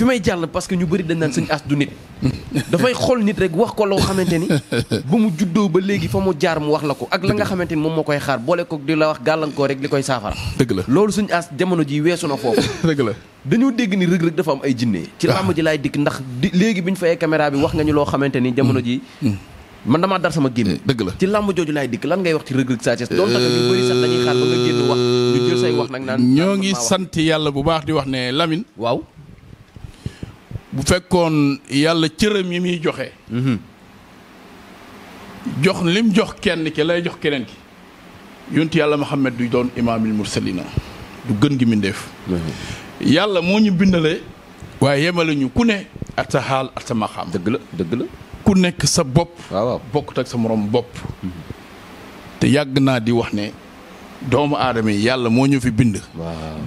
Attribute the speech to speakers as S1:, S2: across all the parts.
S1: fi may jàll parce que ñu bëri dañ naan sëñ as du nit dafay xool nit rek wax ko loo xamante ni ba mu juddoo ba léegi fa mu jaar mu wax la ko ak la nga xamante ni moom moo koy xaar boole ko di la wax gàllankoor rek li koy saafara dëgg la loolu suñ as jamono ji weesu na foofu dëgg la dañoo dégg ni rëg-rëg dafa am ay jinne ci ah. làmb ji laay dikk ndax di léegi bi ñu fayee caméra bi wax nga ñu loo xamante ni jamono ji mm. Mm. man damaa dar sama génn eh, dëgg la ci làmb jooju laay dikk lan ngay wax ci rëg-rëg saa doon tax ñu bëri sax wax nag naan eh, ñoo ngi
S2: sant yàlla bu baax di wax ne Lamine waaw bu fekkoon yàlla cëram yi muy joxe. Mm-hmm. jox lim jox kenn ki lay jox keneen ki yonent yàlla Muhammad du doon imaamil mursalina du gën gi mbindéef mm-hmm. yàlla moo ñu bindalee waaye yemale ñu ku ne ak sa xaal ak sa maxaam dëgg la ku nekk sa bopp waaw bokkut ak sa moroom bopp mm-hmm. te yàgg naa di wax ne doomu aadama yi yàlla moo ñu fi bind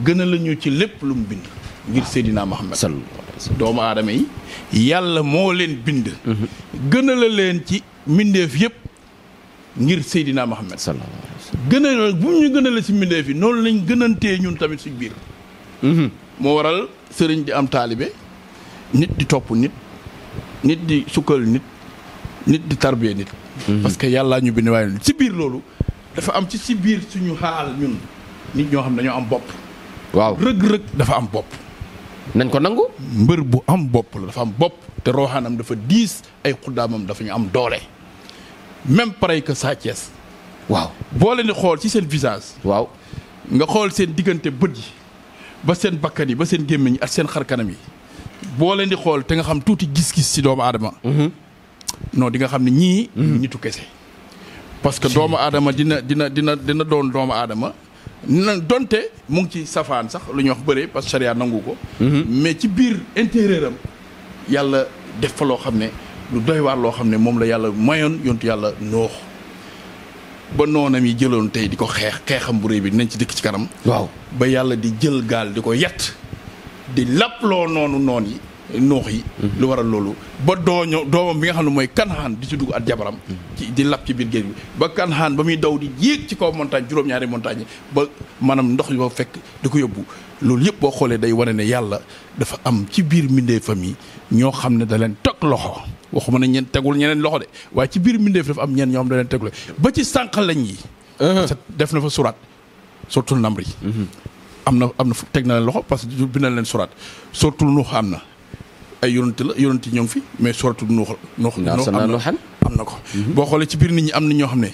S2: gën a ñu ci lépp lu mu bind ngir Seydina Muhammad doomu aadama yi yàlla moo leen bind gënala leen ci mbindeef yëpp ngir Seydina Muhammad sallallahu alayhi wa sallam gënal bu ñu gënale si mbindeef yi noonu lañ gënantee ñun tamit suñu biir mhm. moo waral sëriñ di am taalibe nit di topp nit nit di sukkal nit nit di tarbie nit mhm. parce que yàllaa ñu bind waaye si biir loolu dafa am ci si biir suñu xaal ñun nit ñoo xam ne dañoo am bopp waaw rëg-rëg dafa am bopp nañ ko nangu. mbër bu am bopp la dafa am bopp te rooxaanam dafa diis ay xuddaamam dafa ñu am doole même pareil que Sa Thiès waaw boo leen di xool ci seen visage. waaw nga xool seen diggante bët yi ba seen bakkan yi ba seen gémmiñ ak seen xar kanam yi boo leen di xool te nga xam tuuti gis-gis ci doomu aadama. Mhm. non di nga xam ne ñii. ñitu mhm. kese. parce que doomu aadama dina dina dina dina doon doomu aadama. na donte mu ngi ci safaan sax lu ñuy wax bëre parce que nangu ko. Mhm. mais ci biir intérieur am yàlla def fa loo xam ne lu doy waar loo xam ne moom la yàlla mayoon yontu yàlla noox ba noonam yi jëloon tey di ko xeex xeexam bu réy bi dinañ ci dëkk ci kanam. waaw ba yàlla di jël gaal di ko yat di laploo noonu noon yi. noox yi mhm. lu waral loolu ba dooño doomam bi nga xam ne mooy kanxaan di ci dugg at jabaram mhm. ci di lap ci biir géej bi ba kanxaan ba muy daw di yéeg ci kaw montagne juróom-ñaari montagne ba maanaam ndox ba fekk di ko yóbbu loolu yëpp boo xoolee day wane ne yàlla dafa am ci biir mbindeefam yi ñoo xam ne da leen teg loxo waxuma ne ñeen tegul ñeneen loxo de waaye ci biir mbindeef dafa am ñeen ñoo da leen teg loxo ba ci sànq lañ yi uh-huh. def na fa suraat surtout namri mhm. am na am na teg na leen loxo parce que na leen suraat surtout nuux am na ay yonent la yonent ñoo ngi fi mais surtout nuux nuux am na ko boo xoolee ci biir nit ñi am na ñoo xam ne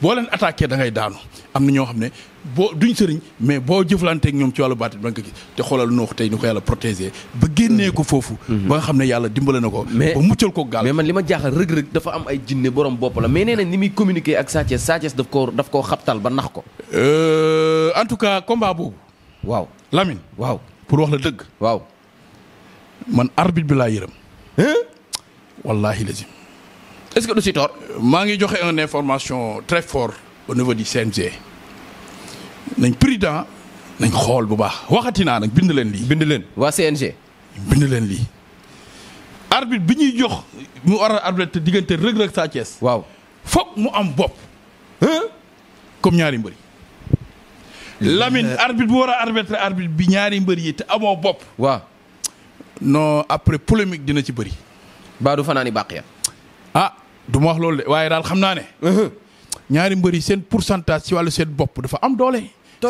S2: boo leen attaqué da daanu am na ñoo xam ne boo duñ sëriñ mais boo jëflanteeg ñoom ci wàllu baatit ba nga gis te xoolal noox tey ni ko yàlla protégé ba génnee ko foofu ba nga xam ne yàlla dimbale na ko ba muccal ko gaal li ma jaaxal rëg-rëg dafa am ay jinne borom bopp la mais nee na ni muy communiqué
S1: ak Sathiès Sathiès koo xabtal ba nax ko
S2: euh, en tout cas combat boobu waaw la dëgg man arbitre bi laa yërëm. wallaahi lazim. est-ce que du si maa ngi joxe une information très forte au niveau du CNG. nañ prudent nañ xool bu baax waxati naa nag bind leen lii. bind leen waa CNG. bind leen lii. arbitre bi ñuy jox mu war a arbitre diggante Reug Reug Sa Thiès. waaw foog mu am bopp. comme ñaari mbër mbëri. Lamine arbitre bu war a arbitre arbitre bi ñaari mbër yi te amoo bopp. waa non après polémique dina ci bëri. baa du fanaani bàq ya. ah du ma wax loolu de waaye daal xam naa ne. ñaari mbër yi seen pourcentage ci wàllu seen bopp dafa am doole.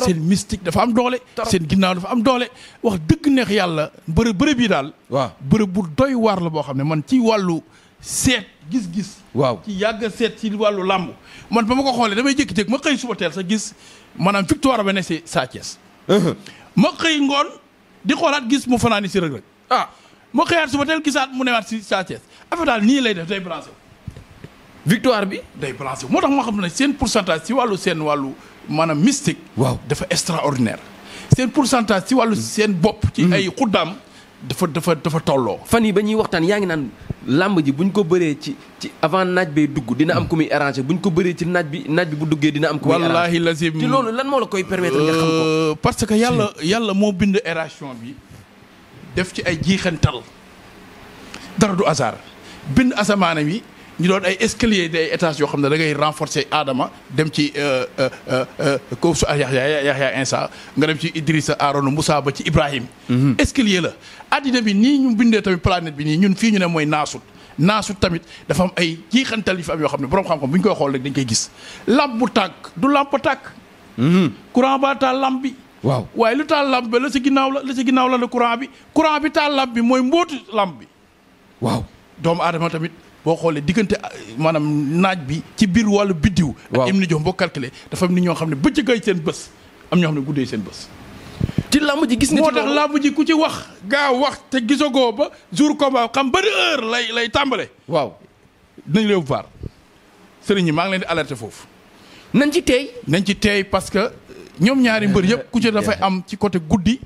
S2: seen mystique dafa am doole. seen ginnaaw dafa am doole. wax dëkk neex yàlla bërë bërëb yi daal. waaw bërëb bu doy waar la boo xam ne man ci wàllu seet gis-gis. waaw ci yàgg seet ci wàllu làmb. man ba ma ko xoolee damay jékki-jékki ma xëy suba teel sa gis maanaam victoire ba ne si Sa Thiès. ma xëy ngoon di xoolaat gis mu fanaani si Reug ah moo xëyaat suba teel gisaat mu newaat si Sa Thiès affaire daal nii lay def day branché victoire bi day branché moo tax moo xam ne seen pour pourcentage si wàllu seen wàllu maanaam mystique. waaw dafa extraordinaire. seen pour pourcentage si wàllu hmm. seen bopp. ci hmm. ay xuddaam dafa dafa dafa tolloo. fan yi ba ñuy waxtaan
S1: yaa ngi naan làmb ji buñ ko bëree ci ci avant naaj bay dugg dina am hmm. ku muy arrangé buñ ko bëree ci naaj
S2: bi naaj bi bu duggee
S1: dina am. ku muy arrangé wallaahi lazim. te loolu moo la koy permettre nga euh, parce que yàlla
S2: yàlla moo bind ération bi. def ci ay jiixantal dara du hasard bind asamaana yi ñu doon ay escalier di ay étages yoo xam ne da ngay renforcer aadama dem ci euh, euh, euh, kaw su Yaxya Yaxya Insa nga dem ci Idrissa Aaron Moussa ba ci Ibrahim mhm. escalier la addina bi nii ñu bindee tamit planète bi nii ñun fii ñu ne mooy naasut naasut tamit dafa am ay jiixantal yi fi am yoo xam ne borom xam-xam bu ñu koy xool rek dañ koy gis làmp bu tàkk du làmp tàkk mhm. courant ba làmp bi waaw waaye lu taal lamp bi la si ginnaaw la la si ginnaaw la la courant bi courant bi taal lamp bi mooy mbootu lamp bi waaw doomu aadama tamit boo xoolee diggante euh, maanaam naaj bi ci biir wàllu biddiw ak im ni jox boo calculé dafa am ñoo xam ne bëccëgay seen bës am ñoo xam ne guddee seen bës ci làmb ji gis nga moo tax làmb ji ku ci wax gaaw wax te gisagoo ba jour combat xam bari heure lay lay tàmbale waaw dinañ leen vaar sëriñ maa ngi leen di alerter foofu nañ ci teey nañ ci teey parce que ñoom ñaari mbër yëpp ku ci dafay am ci côté guddi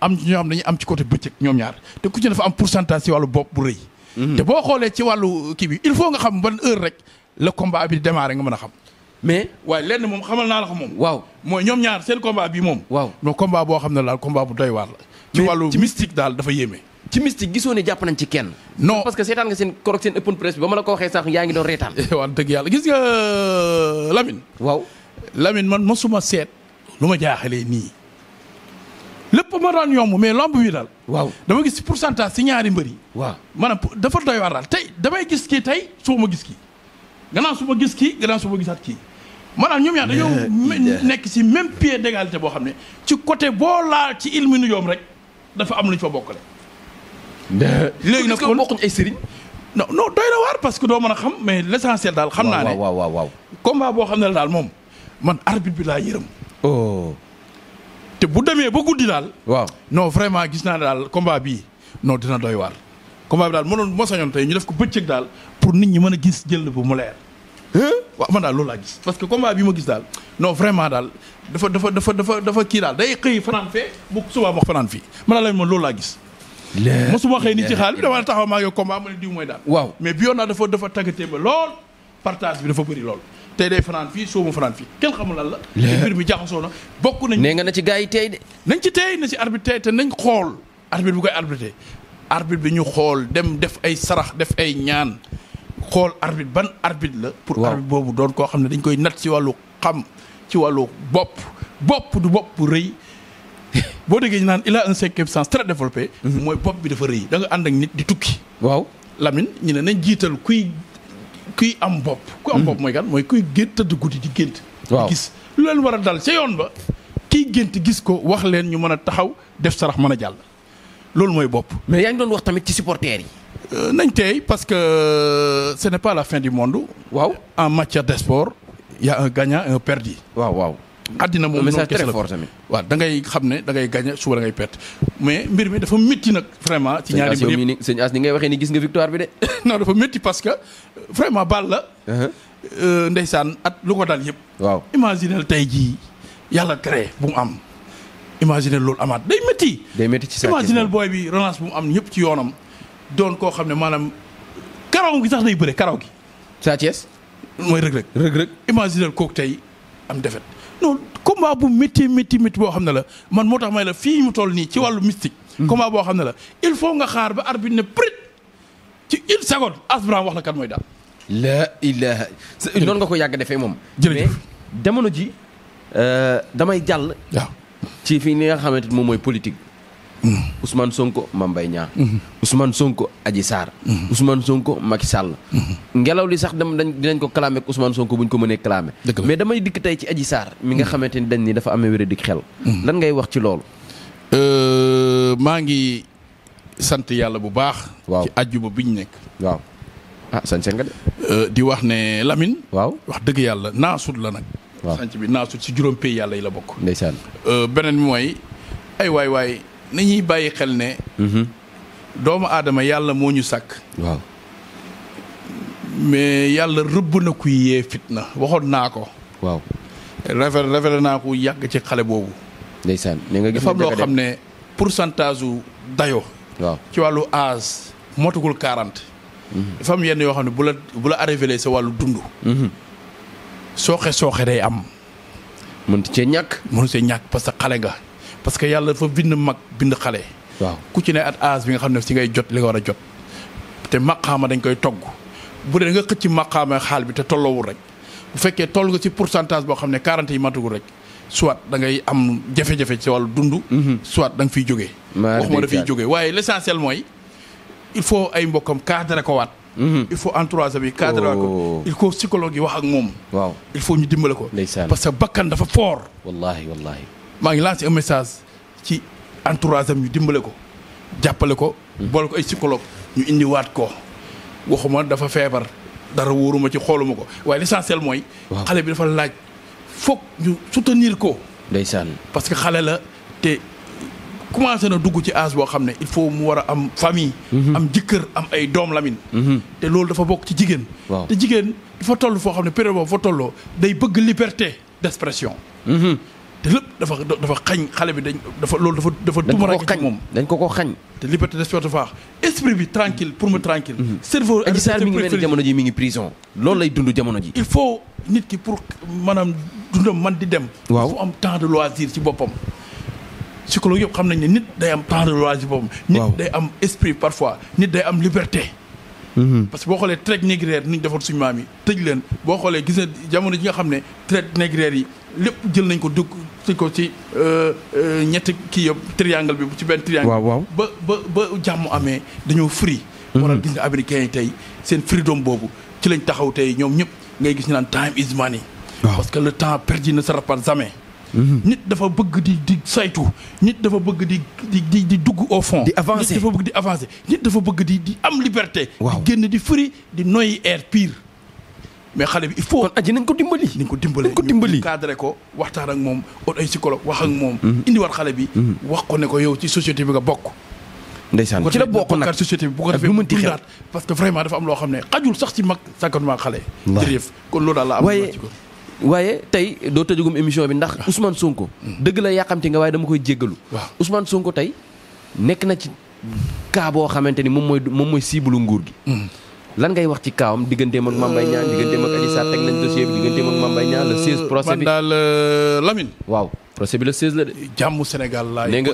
S2: am ñoo xam dañuy am ci côté bëccëg ñoom ñaar te ku ci dafa am pourcentage ci wàllu bopp bu rëy. Mm-hmm. te boo xoolee ci wàllu kii bi il faut nga xam ba heure rek le combat bi démarré nga a xam. mais waaye lenn moom xamal naa la ko moom. waaw mooy ñoom ñaar seen combat bi moom. waaw non combat boo xam ne laal combat bu doy waar la. ci wàllu mystique daal dafa yéeme. ci mystique gisoo ne jàpp nañ ci kenn. non parce que seetaan nga seen korog seen open press bi ba ma la ko waxee sax yaa ngi doon reetaan. wax dëgg euh, seet lu ma jaaxalee nii lépp ma daan yomb mais lamb wi daal. waaw dama gis pour pourcentage si ñaari mbër yi. waaw maanaam dafa doy waar daal tey damay gis kii tey suba ma gis kii. gannaaw su ma gis kii gannaaw su ma gisaat kii. maanaam ñoom ñaar nekk si même pied d'égalité boo xam ne ci côté boo laal ci ilmi nu yoom rek dafa am lu ñu fa bokkale. léegi nag kon bokkuñ ay sëriñ. non na waar parce que doo mën a xam mais l' daal. xam naa ne waaw waaw boo xam ne la daal moom man arbitre bi laa yërëm. oh. te bu demee ba guddi daal. waaw no vraiment gis naa ne daal combat bii non dina doy waar. combat bi daal mënoon moo sañoon tey ñu def ko bëccëg daal pour nit ñi mën a gis jël bu mu leer. waaw man daal loolu gis parce que combat bi ma gis daal non vraiment daal dafa dafa dafa dafa dafa kii daal day xëy fanaan fee bu subaa ma man daal la moom loolu laa gis.
S1: léegi mosuma xëy ni ci xaal bi dama
S2: taxaw maa ngi ma ne diw waaw mais bi yoon naa dafa dafa tàggatee ba lool partage bi dafa bëri lool. tey day fanaan fii soo mu fanaan fii kenn xamul lan la. mbir mi jaxasoo bokk nañ. nee nga na ci gars yi tey de. nañ ci tey na ci arbitre tey te nañ xool. arbitre bu koy arbitre arbitre bi ñu xool dem def ay sarax def ay ñaan xool arbitre ban arbitre la. pour arbitre boobu doon koo xam ne dañ koy nat ci wàllu xam ci wàllu bopp bopp du bopp bu rëy. boo déggee ñu naan il a un cinquième sens très mhm. mooy bopp bi dafa rëy da nga ànd ak nit di tukki. waaw kuy am bopp ku am bopp mooy kan mooy kuy gént tëdd guddi di gént waaw gis lu leen war a dal ca yoon ba kiy gént gis ko wax leen ñu mën a taxaw def sarax mën a jàll loolu mooy bopp mais yaa ngi doon wax tamit ci supporters yi euh, nañ tey parce que euh, ce n'est pas la fin du monde waaw en matière de sport il y a un gagnant un perdu waaw waaw àddina moom noonu kese la waa da ngay xam ne da ngay gagné suba da ngay mais mbir mi dafa métti nag vraiment ci ñaari mbir yëpp sëñ As ni ngay waxee ni gis nga victoire bi de non dafa métti parce que vraiment bal la uh-huh. euh, ndeysaan at lu ko daal yëpp waaw imaginel tey jii yàlla créé bu mu am imaginel loolu amaat day métti day métti ci imaginel booy bi relance bu mu am ñëpp ci yoonam doon koo xam ne maanaam karaw gi sax day bëre karaw gi Sa Thiès mooy rëg-rëg rëg-rëg kooku tey am defet non combat bu métti métti boo xam ne la man moo tax may la fii mu toll nii ci wàllu mystique. Mm-hmm. combat boo xam ne la il faut nga xaar ba arbitre ne prit ci une seconde asbran wax la kan mooy daal. la ilaha noonu nga ko yàgg defee
S1: moom. jërëjëf mais jamono ji euh, damay jàll. waaw ci fii ni nga xamante ni moom mooy politique. Ousmane Sonko Mame Mbaye Niang Ousmane Sonko Adji Sarr Ousmane Sonko Macky Sall ngelaw li sax dem dañ dinañ ko clamé ak Ousmane Sonko bu ñu ko mënee clamé mais damay dikk tey ci aji Sarr mi nga xamante ni dañ ni dafa amee wér-dik xel lan ngay wax ci loolu
S2: euh, maa ngi sant yàlla bu baax waaw ci àjjuma bi ñu nekk waaw ah sañ nga de euh, di wax ne Lamine waaw wax dëgg yàlla sut la nag sanc bi naa naasut si juróom pays yàlla yi la bokk ndeysaan euh, beneen bi mooy ay waay na ñuy bàyyi xel ne. Mhm. doomu aadama yàlla moo ñu sàkk. waaw yàlla rëbb na kuy yee fitna waxoon naa ko. waaw rafet rafet naa ko yàgg ci xale boobu.
S1: ndeysaan ne nga gis dafa am loo xam
S2: ne pourcentage u dayo waaw ci wàllu âge motugul quarante. Mhm. dafa yenn yoo xam ne bu la bu sa wàllu dund. Mhm. sooxe sooxe day am. mënut cee ñàkk mënut cee ñàkk parce que xale nga. parce que yàlla dafa bind mag bind xale. waaw ku ci ne at âge bi nga xam ne si ngay jot li nga war a jot. te maqaama dañ koy togg bu dee da nga xëcc maqaama xaal bi te tolloowul rek bu fekkee toll nga ci pour pourcentage boo xam ne 40 yi matagul rek soit da ngay am jafe-jafe ci wàllu dund. Mhm. soit da nga fiy jógee. waxuma da fiy jógee waaye l'essentiel mooy il faut ay mbokkam cadre ko waat. Mhm. il faut entourage bi cadre waat ko. Oh. il faut psychologue yi wax ak moom. waaw il faut ñu dimbale ko. parce que bakkan dafa fort. wallaahi wallaahi. maa ngi lance un message ci entourage am ñu dimbale ko jàppale ko. boole ko ay psychologue ñu indiwaat ko waxuma dafa feebar dara wóoruma ci xooluma ko waaye l'essentiel mooy. xale bi dafa laaj foog ñu soutenir ko. ndeysaan parce que xale la te commencé na dugg ci âge boo xam ne il faut mu war a am famille. Mhm. am jëkkër am ay doom lamin mhm. te loolu dafa bokk ci jigéen. te jigéen dafa toll foo xam ne période boobu foo tolloo day bëgg liberté d'expression. Mhm. te lépp dafa dafa xañ xale bi dañ dafa loolu dafa dafa tumarak ci moom dañ ko ko xañ te liberté de sport faax esprit bi tranquille pour me tranquille mm-hmm. cerveau Adji Sarr mi ngi mel ni jamono ji mi ngi prison loolu lay dund jamono ji il faut nit ki pour maanaam dundam man di dem waaw am temps de loisir ci boppam psychologue yëpp xam nañ ne nit day am temps de loisir ci boppam nit day am esprit parfois nit day am liberté mm-hmm. parce que boo xoolee traite négrière ni ñu defoon suñu maam yi tëj leen boo xoolee gis jamono ji nga xam ne traite négrière yi lépp jël nañ ko dugg si ko ci euh, euh, ñetti kii yëpp triangle bi ci benn triangle. waaw waaw ba ba ba jàmm amee dañoo fri mhm. waral gis nga yi tey seen freedom boobu ci lañ taxaw tey ñoom ñëpp ngay gis ñu naan time is money. waaw parce que le temps perdu ne sera pas jamais. Mhm. nit dafa bëgg di di saytu. nit dafa bëgg di di di dugg au fond. di avancé nit dafa bëgg di avancer. nit dafa bëgg di di am liberté. waaw di di free di noyyi air mais xale bi il faut. kon na nañ ko dimbali. nañ ko dimbali nañ ko dimbali cadré ko waxtaan ak moom ot ay psychologue wax ak mm-hmm. moom. Mm-hmm. indiwaat xale bi. Mm-hmm. wax ko ne ko yow ci société bi nga bokk.
S1: ndeysaan ci la bokk nag
S2: société bi bu ko defee mënti xel parce que vraiment am loo xam ne xajul sax ci mag sàkkanuma xale. jërëjëf kon loolu daal la waaye waaye tey doo tëjugum émission bi ndax ah. Ousmane Sonko. Mm. dëgg la yàqamti nga waaye dama koy jéggalu.
S1: waaw Ousmane Sonko tey nekk na ci cas boo xamante ni moom mooy moom mooy cible nguur gi mm. lan ngay wax ci kaawam digganteem ak Mame Mbaye Niang digganteem ak Adji Sarr teg nañ dossier bi digganteem ak Mame Mbaye Niang procès bi man daal
S2: euh, waaw procès bi le 16 la de. jàmm Sénégal laay nee nga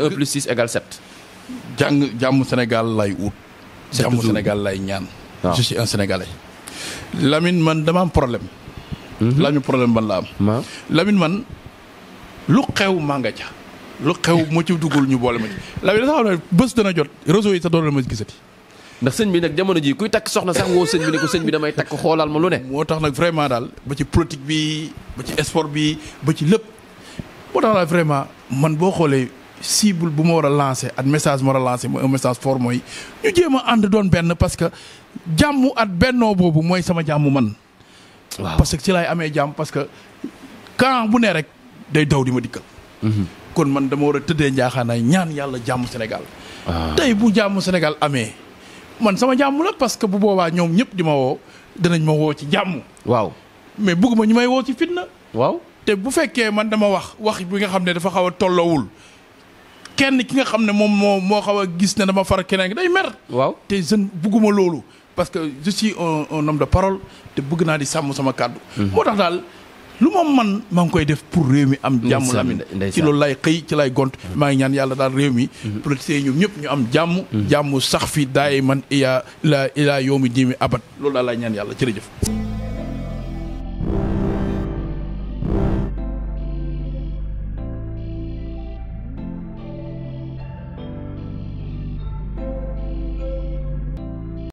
S2: jàng jàmm Sénégal laay ut. jàmm Sénégal laay ñaan. waaw je un Sénégalais. Lamine man dama am problème. Mhm. laa problème ban la am. lamin man lu xew maa nga ca lu xew mu ci duggul ñu boole ma ci. Lamine dafa xam ne bés dana jot réseau yi sa doon la ma gisati. ndax sëñ bi nag jamono ji kuy takk soxna sax woo sëñ bi ne ko sëñ bi damay takk xoolal ma lu ne. moo tax nag vraiment daal ba ci politique bi ba ci sport bi ba ci lépp moo tax daal vraiment man boo xoolee cible bu ma war a lancer ak message ma war a lancer mooy message fort mooy ñu jéem a ànd doon benn parce que jàmm at bennoo boobu mooy sama jàmm man. waaw parce que ci laay amee jàmm parce que quand bu ne rek day daw di ma dikkal. Mhm. kon man dama war a tëddee njaaxaanaay ñaan yàlla jàmm Sénégal. Ah. tey amee. man sama jàmm la parce que bu boobaa ñoom ñëpp di ma woo danañ ma woo ci jàmm. waaw mais bugguma ñu may woo ci fitna. waaw te bu fekkee man dama wax wax bi nga xam ne dafa xaw a tolloowul kenn ki nga xam ne moom moo moo xaw a gis ne dama far keneen day mer. waaw te jeune bugguma loolu parce que je suis un un homme parole te bëgg naa di sàmm sama kàddu. Mhm. moo tax daal. lu ma man maa ngi koy def pour réew mi am jàmm Lamine ci loolu lay xëy ci lay gont mm-hmm. maa ngi ñaan yàlla daal réew mi mm-hmm. politiciens ñoom ñëpp ñu am jàmm mm-hmm. jàmm sax fi daay man iya ila ilaa yoomi diimi abat loolu daal laay ñaan yàlla jëf